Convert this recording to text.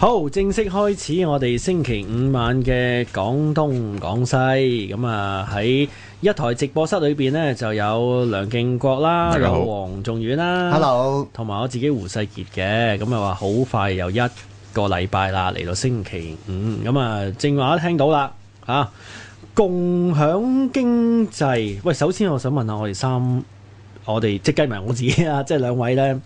好，正式開始我哋星期五晚嘅廣東廣西，咁啊喺一台直播室裏邊呢，就有梁敬國啦，Hello. 有黃仲遠啦，同埋 Hello. 我自己胡世傑嘅，咁啊話好快又一個禮拜啦，嚟到星期五，咁啊正話都聽到啦，吓、啊、共享經濟，喂，首先我想問下我哋三，我哋即係計埋我自己啊，即係兩位呢。